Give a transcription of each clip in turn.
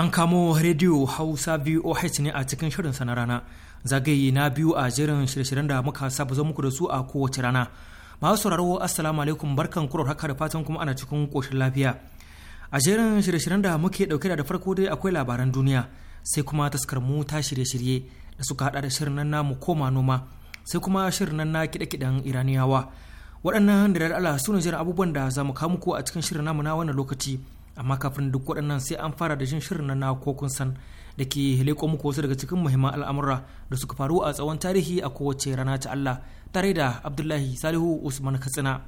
An kamo rediyo Hausa VOH ne a cikin shirin sa na rana. Zagaye na biyu a jerin shirye-shiryen da muka saba zo muku da su a kowace rana. Masu sauraro Assalamu alaikum barkan kuro haka da fatan kuma ana cikin koshin lafiya. A jerin shirye-shiryen da muke dauke da farko dai akwai labaran duniya sai kuma taskar mu ta shirye-shirye da suka hada da shirin nan mu koma noma sai kuma shirin nan na kiɗe-kiɗen Iraniyawa. Waɗannan da Allah su ne jiran abubuwan da za mu kawo muku a cikin shirin namu na wannan lokaci. amma kafin duk waɗannan sai an fara da jin shirin na ko san da ke leƙo muku wasu daga cikin muhimman al'amura da suka faru a tsawon tarihi a kowace rana ta Allah tare da Abdullahi Salihu Usman Katsina.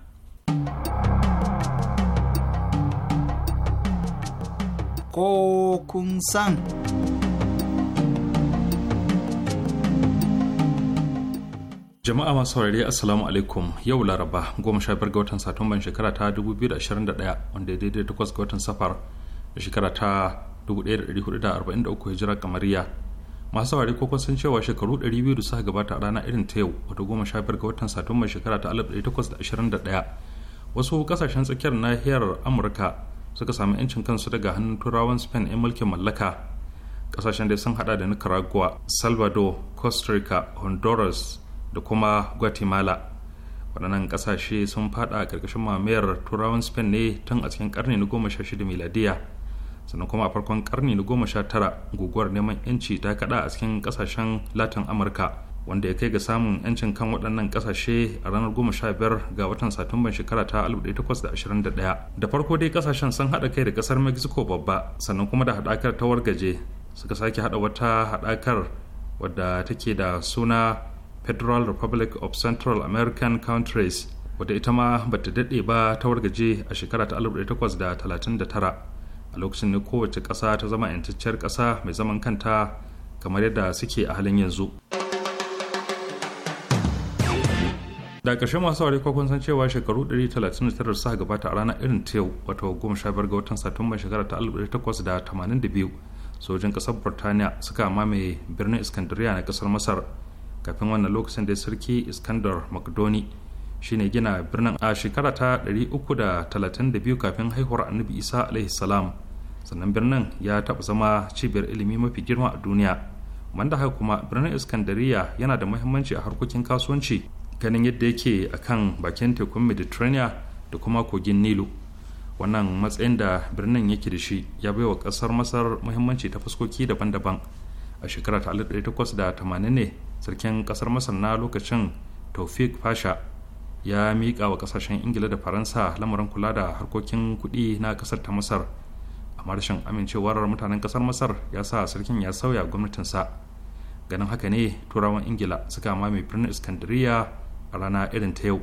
Ko kun san. jama'a masu saurari assalamu alaikum yau laraba goma sha biyar ga watan satumban shekara ta 2021 wanda daidai takwas ga watan safar da shekara ta 1443 hijira kamariya masu saurari ko san cewa shekaru 200 da suka gabata a rana irin ta yau wata goma sha biyar ga watan satumban shekara ta 1821 wasu kasashen tsakiyar nahiyar amurka suka samu yancin kansu daga hannun turawan spain 'yan mulkin mallaka kasashen dai sun hada da nicaragua salvador costa rica honduras da kuma guatemala waɗannan ƙasashe sun fada ƙarƙashin mamayar turawan spain ne tun a cikin ƙarni na goma sha shida miladiya sannan kuma a farkon ƙarni na goma sha tara guguwar neman yanci ta kaɗa a cikin ƙasashen latin amurka wanda ya kai ga samun yancin kan waɗannan ƙasashe a ranar goma sha biyar ga watan satumban shekara ta 1821 da farko dai ƙasashen sun haɗa kai da ƙasar mexico babba sannan kuma da haɗakar ta wargaje suka sake haɗa wata haɗakar wadda take da suna federal republic of central american countries wadda ita ma bata daɗe ba ta wargaje a shekara ta 1839 a lokacin ne kowace ƙasa ta zama 'yantacciyar ƙasa mai zaman kanta kamar yadda suke a halin yanzu da ƙarshe masu ware kun san cewa shekaru 139 suka gabata a ranar irin ta yau wato 15 ga watan satumba shekara ta 1882 sojin ƙasar burtaniya suka mamaye birnin iskandariya na ƙasar masar kafin wannan lokacin da sarki iskandar makdoni shine gina birnin a shekara ta 332 kafin haihuwar annabi isa alaihi salam sannan birnin ya taɓa zama cibiyar ilimi mafi girma a duniya wanda haka kuma birnin iskandariya yana da muhimmanci a harkokin kasuwanci ganin yadda yake a kan bakin tekun mediterranean da kuma kogin nilu wannan matsayin da birnin yake da shi ya bai wa ƙasar masar muhimmanci ta fuskoki daban-daban a shekara ta 1880 ne sarkin kasar masar na lokacin taufik fasha ya miƙa wa kasashen ingila da faransa lamarin kula da harkokin kuɗi na kasar ta masar amma rashin amincewar mutanen kasar masar ya sa sarkin ya sauya gwamnatinsa ganin haka ne turawan ingila suka mame birnin iskandariya a rana irin ta yau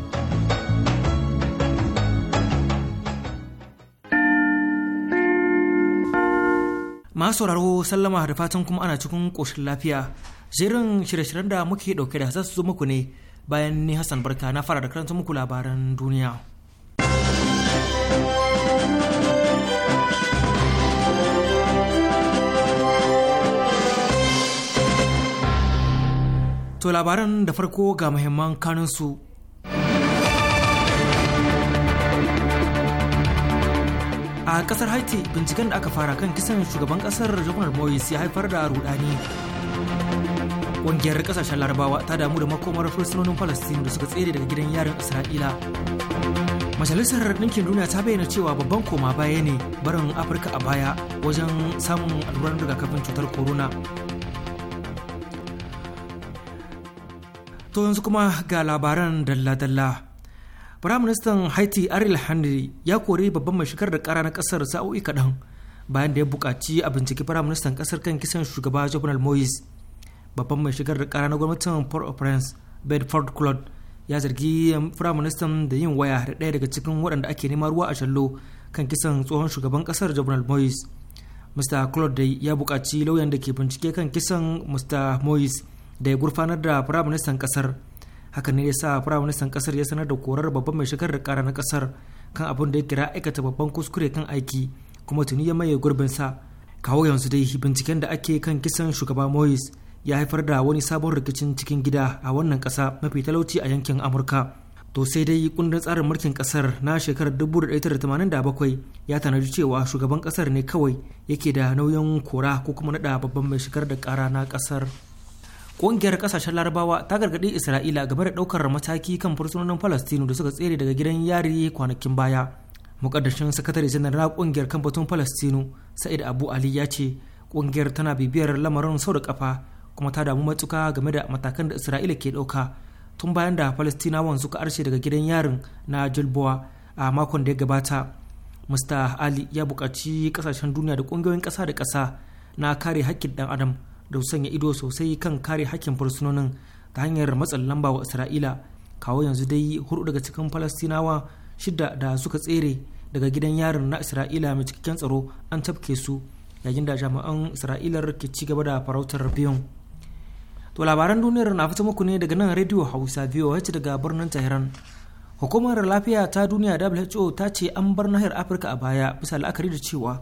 masu sauraro sallama da fatan kuma ana cikin ƙoshin lafiya jerin shirye-shiryen da muke ɗauke da za su zo muku ne bayan ni hassan barka na fara da karanta muku labaran duniya to labaran da farko ga muhimman kanunsu a kasar haiti binciken da aka fara kan kisan shugaban kasar jamunar moyes ya haifar da rudani ƙungiyar kasashen larabawa ta damu da makomar fursunonin palestine da suka tsere daga gidan yarin isra'ila majalisar ɗinkin duniya ta bayyana cewa babban koma baya ne barin afirka a baya wajen samun alluran rigakafin cutar corona to yanzu kuma ga labaran dalla-dalla Firaministan Haiti Ariel Henry ya kori babban mai shigar da kara na kasar sa'o'i kaɗan bayan da ya buƙaci a binciki Firaministan kasar kan kisan shugaba Jovenel Moise. Babban mai shigar da kara na gwamnatin Port-au-Prince Bedford club ya zargi Firaministan da yin waya da ɗaya daga cikin waɗanda ake neman ruwa a shallo kan kisan tsohon shugaban kasar Jovenel Moise. Mr. Claude ya buƙaci lauyan da ke bincike kan kisan Mr. Moise da ya gurfanar da Firaministan kasar. hakan ne ya sa firaministan kasar ya sanar da korar babban mai shigar da kara na kasar kan abin da ya kira aikata babban kuskure kan aiki kuma tuni ya maye gurbin sa kawo yanzu dai binciken da ake kan kisan shugaba moyes ya haifar da wani sabon rikicin cikin gida a wannan kasa mafi talauci a yankin amurka to sai dai kundin tsarin mulkin kasar na shekarar 1987 ya tanadi cewa shugaban kasar ne kawai yake da nauyin kora ko kuma nada babban mai shigar da kara na kasar Ƙungiyar ƙasashen Larabawa ta gargaɗi Isra'ila game da ɗaukar mataki kan fursunonin Falastinu da suka tsere daga gidan yari kwanakin baya. Mukaddashin sakatare janar na kan batun Falastinu Sa'id Abu Ali ya ce ƙungiyar tana bibiyar lamarin sau da kafa kuma ta damu matuka game da matakan da Isra'ila ke ɗauka tun bayan da Falastinawan suka arshe daga gidan yarin na Jilboa a makon da ya gabata. Mr. Ali ya buƙaci ƙasashen duniya da ƙungiyoyin ƙasa da ƙasa na kare haƙƙin ɗan adam da sanya ido sosai kan kare hakkin fursunonin ta hanyar matsin lamba wa isra'ila kawo yanzu dai hudu daga cikin falastinawa shida da suka tsere daga gidan yarin na isra'ila mai cikakken tsaro an tafke su yayin da jami'an isra'ilar ke ci gaba da farautar biyun to labaran duniyar na fita muku ne daga nan radio hausa voh daga birnin tehran hukumar lafiya ta duniya who ta ce an bar nahiyar afirka a baya bisa la'akari da cewa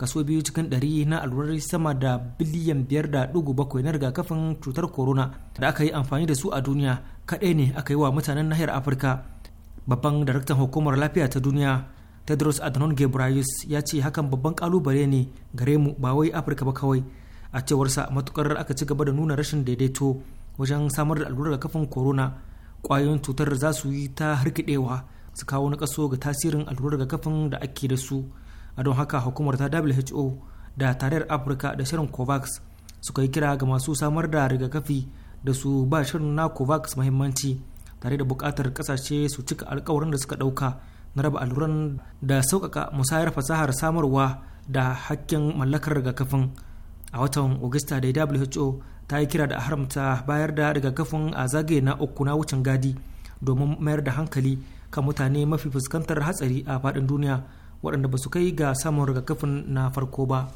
kaso biyu cikin ɗari na allurai sama da biliyan biyar da ɗugu bakwai na rigakafin cutar corona da aka yi amfani da su a duniya kaɗai ne aka yi wa mutanen nahiyar afirka babban daraktan hukumar lafiya ta duniya tedros adhanom ghebreyesus ya ce hakan babban kalubale ne gare mu ba wai afirka ba kawai a cewarsa matukar aka ci gaba da nuna rashin daidaito wajen samar da allurar rigakafin corona kwayoyin cutar za su yi ta harkidewa su kawo na kaso ga tasirin allurar rigakafin da ake da su a don haka hukumar ta who da tarayyar afirka da shirin covax suka yi kira ga masu samar da rigakafi da su ba shirin na covax mahimmanci tare da bukatar kasashe su cika alkawarin da suka ɗauka na raba alluran da sauƙaƙa musayar fasahar samarwa da hakkin mallakar rigakafin a watan augusta da who ta yi kira da haramta bayar da rigakafin a zagaye na uku na wucin gadi domin mayar da hankali kan mutane mafi fuskantar hatsari a faɗin duniya waɗanda ba su kai ga samun rigakafin na farko ba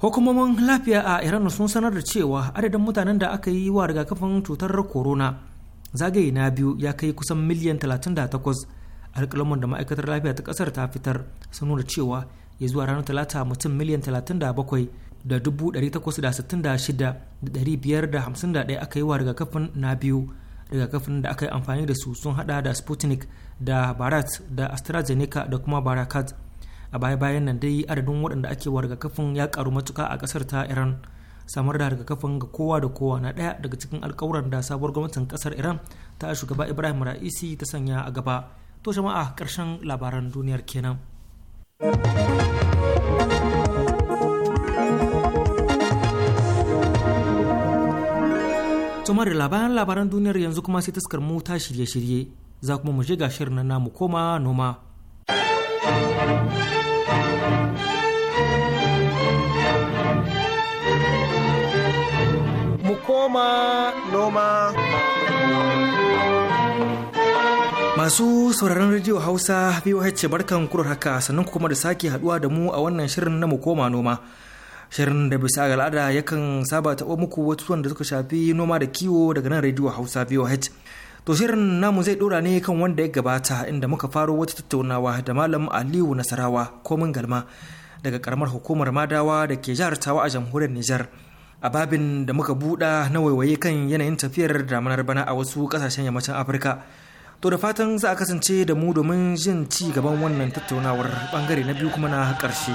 hukumomin lafiya a iran sun sanar da cewa adadin mutanen da aka yi wa rigakafin cutar corona zagaye na biyu ya kai kusan miliyan 38 alƙalaman da ma'aikatar lafiya ta ƙasar ta fitar sun nuna cewa ya zuwa ranar talata mutum miliyan 37 da 866,551 aka yi wa rigakafin na biyu rigakafin da aka yi amfani da su sun hada da sputnik da barat da astrazeneca da kuma barakat a baya-bayan nan dai adadin waɗanda ake wa rigakafin ya karu matuka a ƙasar ta iran samar da rigakafin ga kowa da kowa na ɗaya daga cikin alkawuran da sabuwar gwamnatin ƙasar iran ta shugaba ibrahim ra'isi ta sanya a gaba to jama'a karshen labaran duniyar kenan tumar labaran labaran duniyar yanzu kuma sai taskar mota shirye-shirye za kuma mu ga shirin na mu koma noma mu koma noma Masu sauraron rediyo Hausa VOH barkan kurar haka sannan kuma da sake haduwa da mu a wannan shirin na mu koma noma. shirin da bisa al'ada yakan saba taɓa muku batutuwan da suka shafi noma da kiwo daga nan rediyo hausa voh to shirin namu zai dora ne kan wanda ya gabata inda muka faro wata tattaunawa da malam aliyu nasarawa komin galma daga karamar hukumar madawa da ke jihar tawa a jamhuriyar nijar a babin da muka buɗa na waiwaye kan yanayin tafiyar damanar bana a wasu ƙasashen yammacin afirka To da fatan za a kasance da mu domin jin ci gaban wannan tattaunawar bangare na biyu kuma na ƙarshe.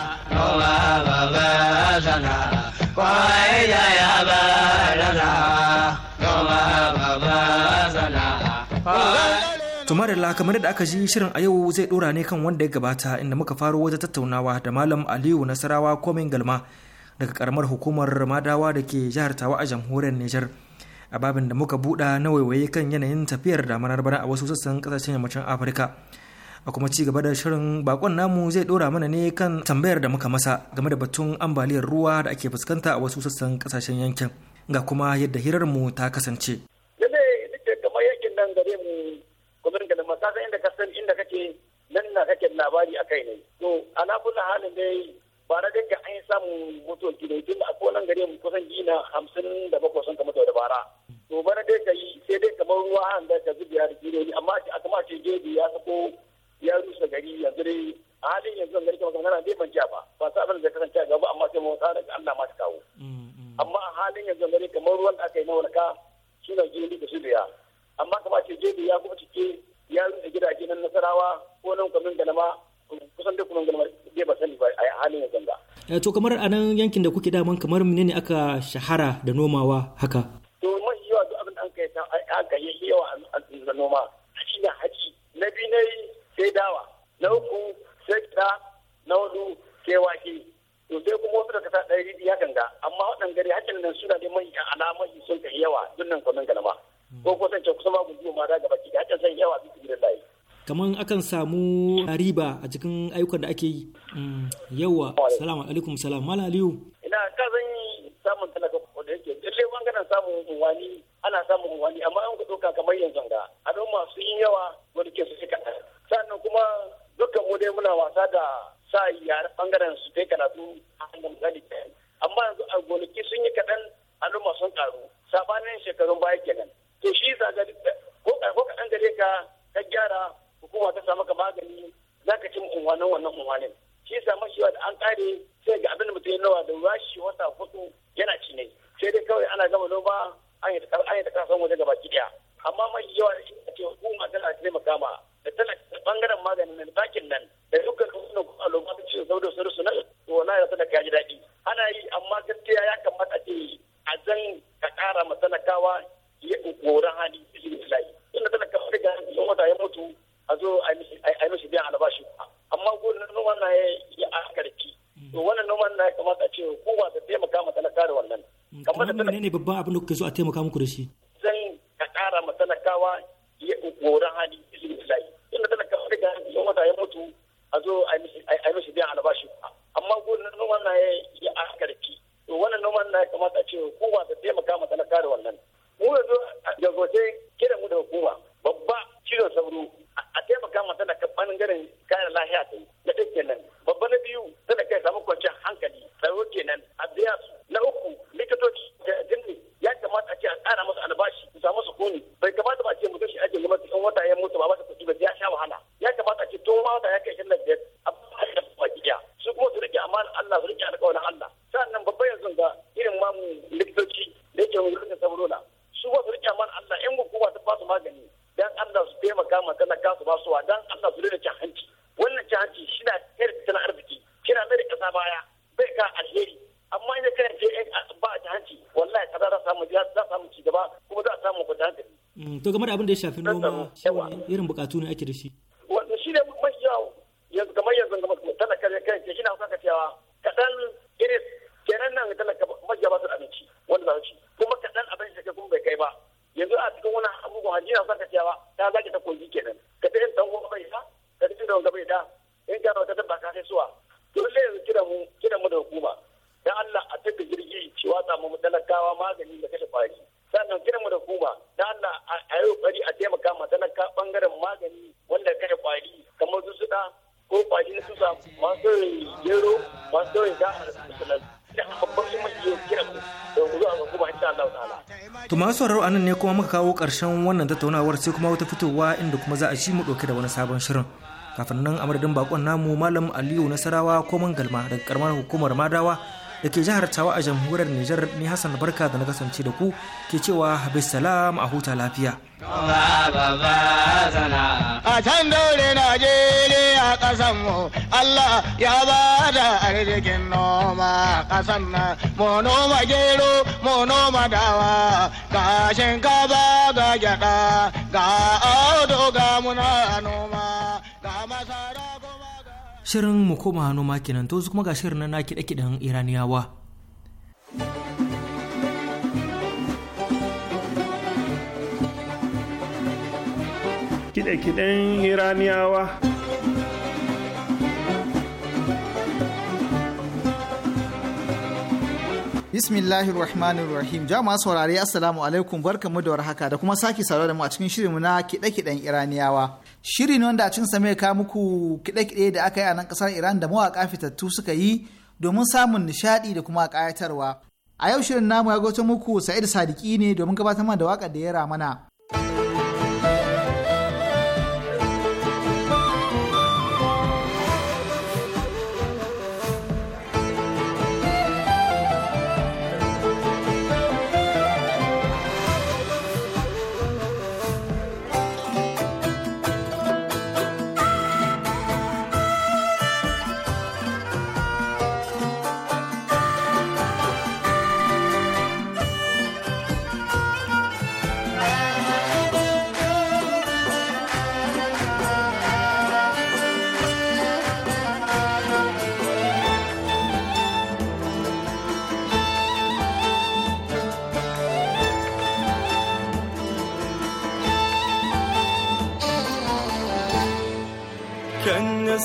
da kamar da aka ji shirin a yau zai dora ne kan wanda ya gabata inda muka faro wata tattaunawa da Malam Aliyu Nasarawa Komen Galma daga karamar hukumar Madawa da ke jihar Tawa a jamhuriyar Nijar. a babin da muka buɗa na waiwaye kan yanayin tafiyar da manar bana a wasu sassan kasashen yammacin afirka a kuma ci gaba da shirin bakon namu zai ɗora mana ne kan tambayar da muka masa game da batun ambaliyar ruwa da ake fuskanta a wasu sassan kasashen yankin ga kuma yadda hirar mu ta kasance yankin nan gare mu da ka san inda kake nan labari a kai ne to alabula halin dai ba na dinka an yi samun mutuwar gida tun da akwai nan gare mu kusan gina hamsin da bakwai sun kamata da bara to bana dai ka yi sai dai kamar ruwa an da ka zubiya da kiloli amma a kama ce jeji ya sako ya rusa gari yanzu dai a halin yanzu zan garke magana kana dai ban ja ba ba sa abin da kasance a gaba amma sai mun tsara ga Allah ma ta kawo mm, mm. amma a halin yanzu gari kamar ruwan da aka yi na walka shi ne jeji da zubiya amma kama ce jeji ya kuma cike ya rusa gidaje na nasarawa ko nan kwamin galama kusan dai kunan galama dai ba sani ba a halin yanzu ga. Eh, to kamar a nan yankin da kuke daman kamar menene aka shahara da nomawa haka. to aka yi yawa a noma shi na haji na biyu na yi sai dawa na uku sai gida na hudu sai wake to sai kuma wasu daga sa ɗari ya ganga amma waɗanda gari hakan nan suna da manyan alamai sun kai yawa don nan kwanan galama ko kusan ce kusa magun biyu ma daga baki ki hakan sun yawa bisa gidan layi. kamar akan samu riba a cikin ayyukan da ake yi mm, yawa salamu alaikum salam malaliyu ina ka zan yi samun talaka ko da yake lalle bangaren samun wani ana samun wani amma an ku ɗauka kamar yanzu ga al'umma sun yi yawa wani ke su sai kaɗan sannan kuma dukkan mu dai muna wasa da sa yare bangaren su kai karatu a hanyar misali amma yanzu a gonaki sun yi kaɗan al'umma sun ƙaru sabanin shekarun baya kenan to shi zaga ko kaɗan gare ka ka gyara hukuma ta samu ka magani za ka ci unwanin wannan unwanin shi yasa mashiwa da an ƙare sai ga abin da mutum ya nawa da rashi wata hudu yana ci ne sai dai kawai ana gama noma an yi ta kasan waje gaba daya amma mai yawa a ce hukuma tana taimaka ma da tana bangaren maganin nan bakin nan da dukkan kuma kuma lokacin da cikin saboda su rusu nan to wala ya tana kaji daɗi ana yi amma gaskiya ya kamata ce a zan ka kara ma talakawa ya goran hali da shi ina tana talaka da ga sun wata ya mutu a zo a yi mishi biyan albashi amma gonan noman na ya yi a karki to wannan noman na ya kamata ce hukuma ta taimaka ma talaka da wannan kamar menene babban abin da kuke so a taimaka muku da shi game da abin da ya shafi noma irin bukatu ne ake da shi wanda shi ne mafi yawo yanzu kamar yanzu kamar talaka kare kai ke shi na saka cewa kaɗan iris kenan nan talaka majiya ba su abinci wanda za su ci kuma kaɗan abin da kai kuma bai kai ba yanzu a cikin wani abubuwa hajji na saka cewa ta zaki ta kogi kenan ka ta yin tango bai da ka ta yin tango bai da in ka ta tabba ka sai suwa to sai yanzu kiran mu kiran mu da hukuma dan Allah a tafi jirgi ci samu mu talakawa magani da kashe kwari kiran mu da kuma da Allah a yi kokari a taimaka ma talaka bangaren magani wanda kashe kwari kamar su suda ko kwari na susa masu gero masu yawan da To masu sauraro anan ne kuma muka kawo ƙarshen wannan tattaunawar sai kuma wata fitowa inda kuma za a ci mu dauke da wani sabon shirin. Kafin nan a bakon namu Malam Aliyu Nasarawa ko Mangalma daga karamar hukumar Madawa da ke jihar Tawa a jamhuriyar Nijar ni Hassan Barka da na kasance da ku ke cewa habis salam a huta lafiya. A can daure Najeriya ƙasan mu Allah ya ba da arzikin noma ƙasan na mu noma gero mu noma dawa ga shinkafa ga gyaɗa ga auto ga muna noma. Shirin mu koma hannu makinan to kuma ga shirin na kiɗe-kiɗen Iraniyawa. Kiɗe-kiɗen Iraniyawa. Bismillahir Rahmanir Rahim. Jama'a saurare Assalamu alaikum barkamu da warhaka da kuma sake saurare da mu a cikin shirinmu na kiɗe-kiɗen Iraniyawa. Shiri ne wanda a cikin same ka muku kiɗe-kiɗe da aka yi a nan ƙasar Iran da mawaƙa fitattu suka yi domin samun nishaɗi da kuma ƙayatarwa. A yau shirin namu ya goto muku Sa'id Sadiki ne domin gabatar da waƙar da ya mana.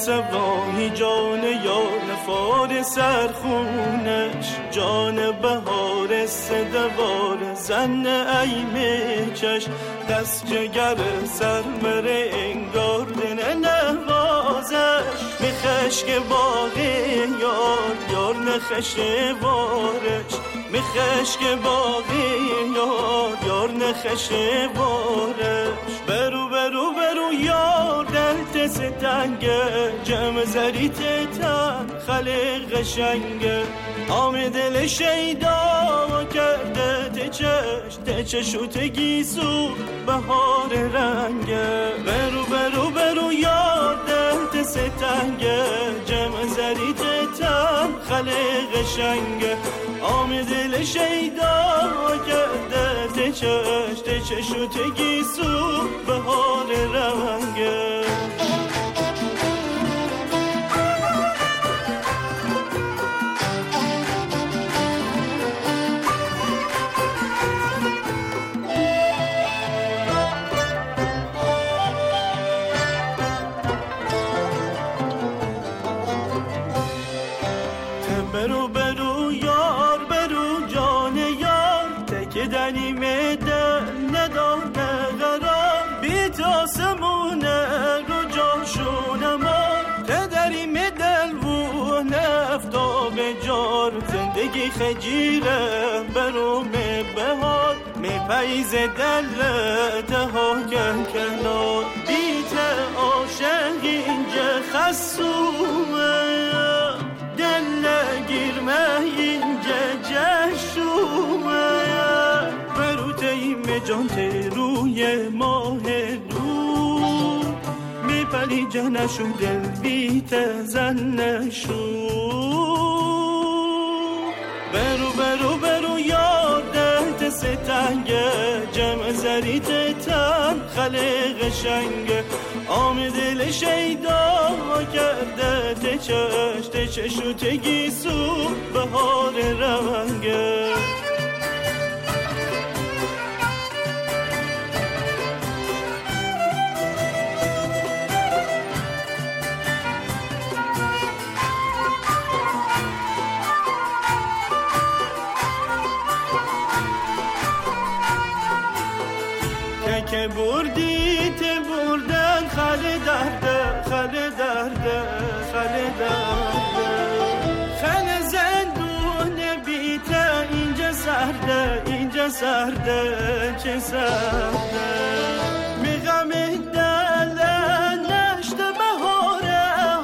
سبراهی جان یار فار سرخونش جان بهار سدوار زن ایمه چش دست جگر سرمر انگار دن نوازش که باغ یار یار نخش وارش که باغ یار یار نخش وارش قفس تنگه جم زریت تن خلی قشنگه آم دل شیدا کرده تچش تچش و تگیسو بهار رنگه برو برو برو یاد تستنگه جم جمع زریت تن خلی قشنگه آم دل شیدا کرده تچش تچش و تگیسو بهار رنگه بدنی میده نداده غرام بی آسمونه رو جاشونه ما تدری دل و نفتا به جار زندگی خجیره بروم بهار می پیز دل تها کن کنار بیت عاشق اینجا خسومه دل گیرمه اینجا جشومه جانت روی ماه میپلی میپری جنشو دل بی تزن نشو برو برو برو یادت ستنگه جمع زریت تن خلق شنگه آم دل شیدا کرده تچش تچشو تگیسو بهار رونگه د چه می غم دل نشت بهار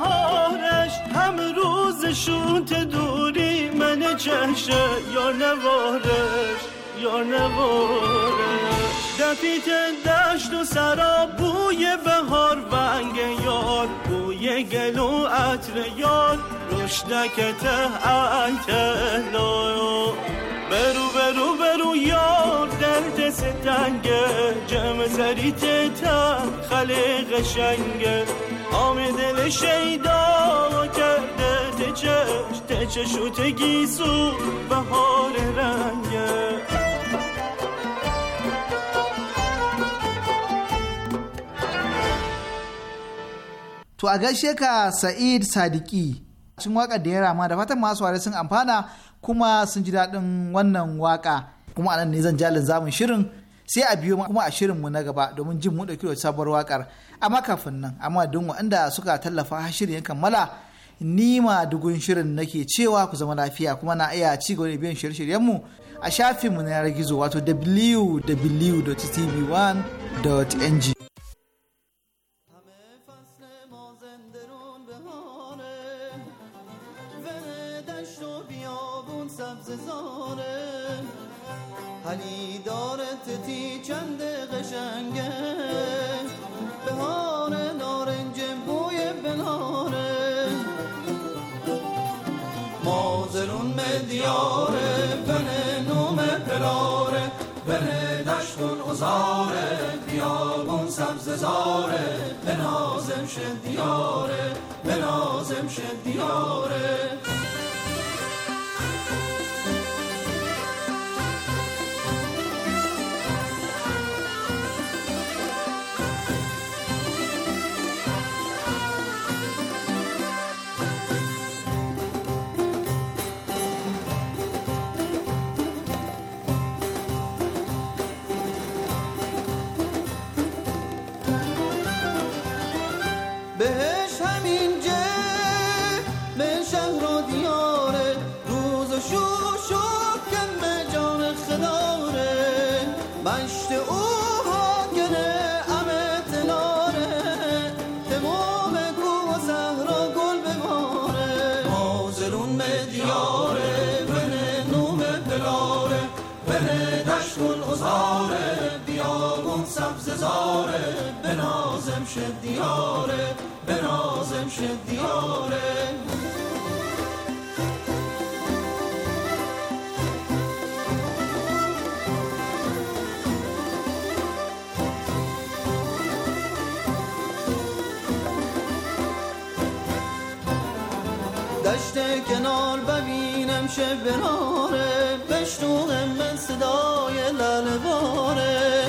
هارش هم روزشون دوری من چشه یا نوارش یا نوارش دفیت دشت و سرا بوی بهار ونگ یار بوی گل و عطر یار رشدکت برو برو برو یار در دست تنگه جمع زریت تن خلی قشنگه آمد دل شیدا کرده تچش تچش و تگیسو حال رنگه تو a gaishe ka Sa'id Sadiki cikin waƙar da ya rama da fatan kuma sun ji daɗin wannan waka kuma anan ne zan jalin zamun shirin sai a biyo kuma a shirinmu na gaba domin jin mu ɗauki sabuwar wakar amma kafin nan amma don waɗanda suka tallafa shirin ya kammala ni ma dugun shirin nake cewa ku zama lafiya kuma na iya ci gaba da biyan shirye-shiryenmu a shafinmu na yanar gizo wato www.tv1.ng چند قشنگه بهار نارنج بوی بناره مازرون دیاره بن نوم پراره بن دشتون ازاره بیابون سبز زاره به نازم شد دیاره به شد دیاره بهش همین جه شهر و دیاره روز و شو که به جان خداره مشت او حاکنه امه تلاره تمام کو و زهرا گل بماره مازرون به دیاره بنه نوم بلاره بنه دشتون ازاره بیابون سبز زاره به نازم شد دیاره شد دیاره دشت کنار ببینم شه بناره من صدای باره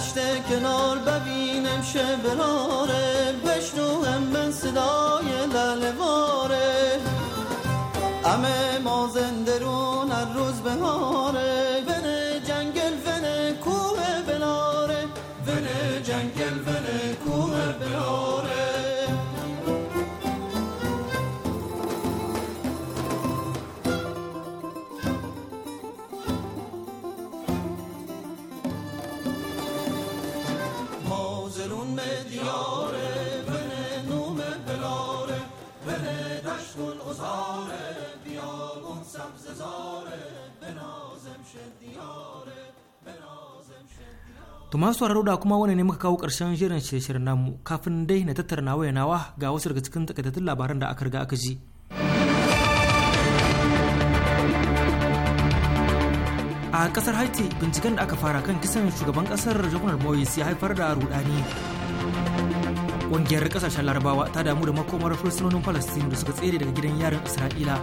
شته کنار ببینم شه براره بشنوهم من صدای لالواره امه ما زنده رو هر روز بهاره ونه جنگل ونه کوه بلاره ونه جنگل ونه کوه بلاره سبز زاره به da kuma wani ne muka kawo ƙarshen jiran shirin namu kafin dai na tattara nawa ya nawa ga wasu daga cikin takaitattun labaran da aka riga aka ji. a kasar haiti binciken da aka fara kan kisan shugaban kasar jakunar Moise ya haifar da rudani ƙungiyar kasashen larabawa ta damu da makomar fursunonin falastin da suka tsere daga gidan yarin isra'ila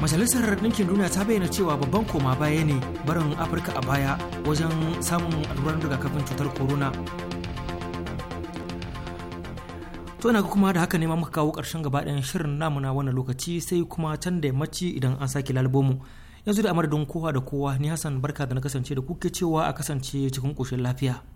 majalisar ɗinkin duniya ta bayyana cewa babban koma baya ne barin afirka a baya wajen samun alluran rigakafin cutar corona to ina kuma da haka ne muka kawo ƙarshen gabaɗayan shirin namu na wannan lokaci sai kuma can da yammaci idan an sake lalbomu yanzu da don kowa da kowa ni hassan barka da na kasance da kuke cewa a kasance cikin ƙoshin lafiya